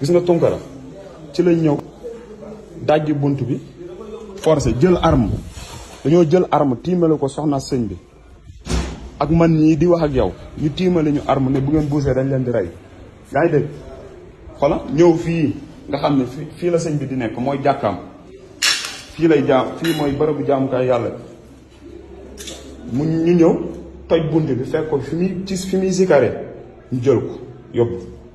gis nga tunkara ci lañ ñëw dajji bunt bi forcé jël arm dañoo jël arme tiimale ko soxna sëñ bi ak man ñii di wax ak yow ñu tiimale ñu arme ne bu ngeen buusee dañ leen di rey yaa ngi dégg xola ñëw fii nga xam ne fii la sëñ bi di nekk mooy jàkkam fii lay jaam fii mooy bërëbu jaamukaay yàlla mu ñu ñëw toj bunt bi fekk ko fi muy ci fi muy sikare ñu jël ko yóbbu